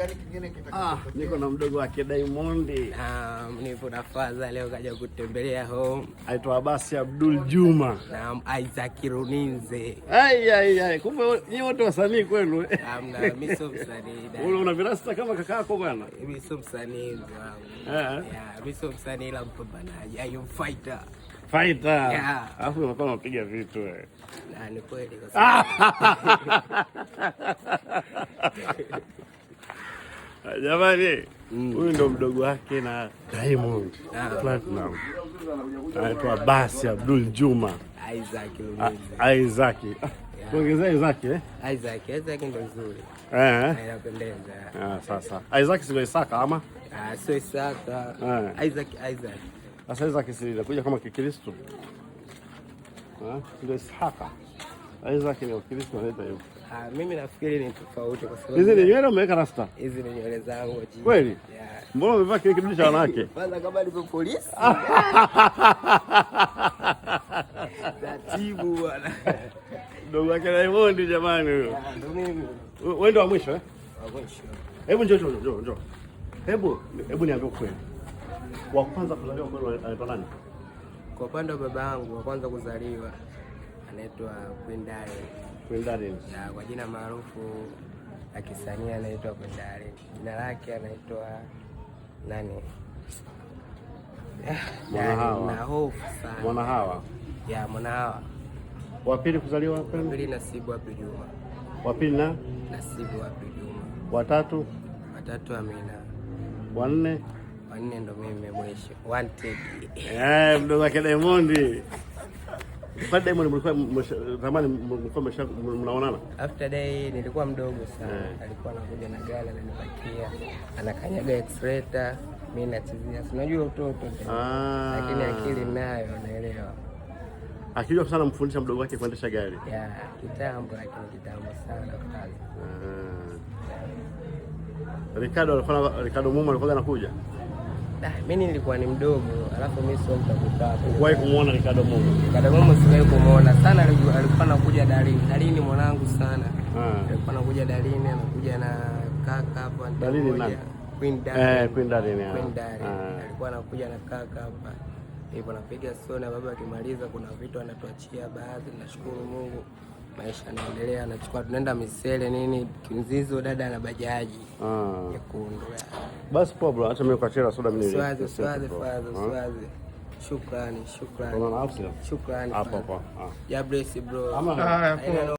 Yaani ah, niko na mdogo wake Diamond. Um, nipo na faza leo kaja kutembelea home. Aitwa Abasi Abdul Juma. Naam, Isaac Runinze. Ai ai ai, kumbe nyinyi wote wasanii kwenu. Eh. Naam, mimi sio msanii. Wewe una virasta kama kakako bwana? Eh, mimi sio msanii wangu. Eh. Yeah, mimi sio msanii ila mpambanaji. I am fighter. Fighter. Yeah. Alafu unakuwa unapiga vitu wewe. Eh. Na ni kweli kwa sababu. Jamani, mm. huyu ndo mdogo wake na Diamond ah. Platinum, anaitwa Basi Abdul Juma Isaac. Ah, ah, Ongeza Isaac eh, Isaac Isaac ndo nzuri eh, eh? inapendeza. Ah, sasa Isaac sio Isaka ama ah, sio Isaka eh. Isaac Isaac. Sasa Isaac si inakuja kama Kikristo, ndio Isaka zake ni Wakristo wanaleta hivyo. Ah, mimi nafikiri ni tofauti kwa sababu hizi ni nywele umeweka rasta. Hizi ni nywele zangu. Kweli? Yeah. Mbona umevaa kile kidude cha wanawake? Kwanza kama ni polisi. Tatibu bwana. Dogo yake Diamond jamani huyo. Wewe ndio wa mwisho eh? Wa mwisho. Hebu njoo njoo njoo njoo. Hebu hebu niambie kweli. Wa kwanza kuzaliwa kwa nani? Kwa upande wa baba yangu wa kwanza kuzaliwa anaitwa Queen Darleen. Queen Na kwa jina maarufu la kisanii anaitwa Queen Jina lake anaitwa nani? Yaani Mwana Hawa. Ya Mwana Hawa. Wa pili kuzaliwa wapi? Wa pili Nasibu Abdul Juma. Wa pili na Nasibu Abdul Juma. Watatu? Watatu Amina. Wa nne? Wa nne ndo mimi mwisho. Wanted. Eh, mdogo wake Diamond. Kwa Diamond mlikuwa zamani mlikuwa mnaonana? After day nilikuwa mdogo sana. Yeah. Alikuwa anakuja na gari ananipakia. Anakanyaga X-Rater, mimi nachezea. Unajua utoto. Ah. Lakini akili nayo naelewa. Akijua sana mfundisha mdogo wake kuendesha gari. Yeah, kitambo lakini kitambo sana kazi. Ah. Ricardo alikuwa Ricardo Mumo alikuwa anakuja? Ah, mimi nilikuwa ni mdogo, alafu mimi sio mtakuta. Uliwahi kumuona Ricardo Momo? Ricardo Momo siwahi kumuona sana, alikuwa anakuja Dalini. Dalini mwanangu sana, ah. alikuwa anakuja Dalini, anakuja na kaka hapa. Dalini nani? Queen Dalini. Eh, Queen Dalini. Queen Dalini ah. alikuwa anakuja na kaka hapa hivyo, napiga sio na baba, akimaliza kuna vitu anatuachia baadhi, nashukuru Mungu maisha yanaendelea, anachukua tunaenda misele nini kimzizo, dada na bajaji ah. nyekundu. Basi poa bro, acha mimi kwa soda mimi. Swazi swazi fazo ah. swazi. Shukrani, shukrani. Shukrani. Hapo hapo. Ah. Ya bless bro. Ama.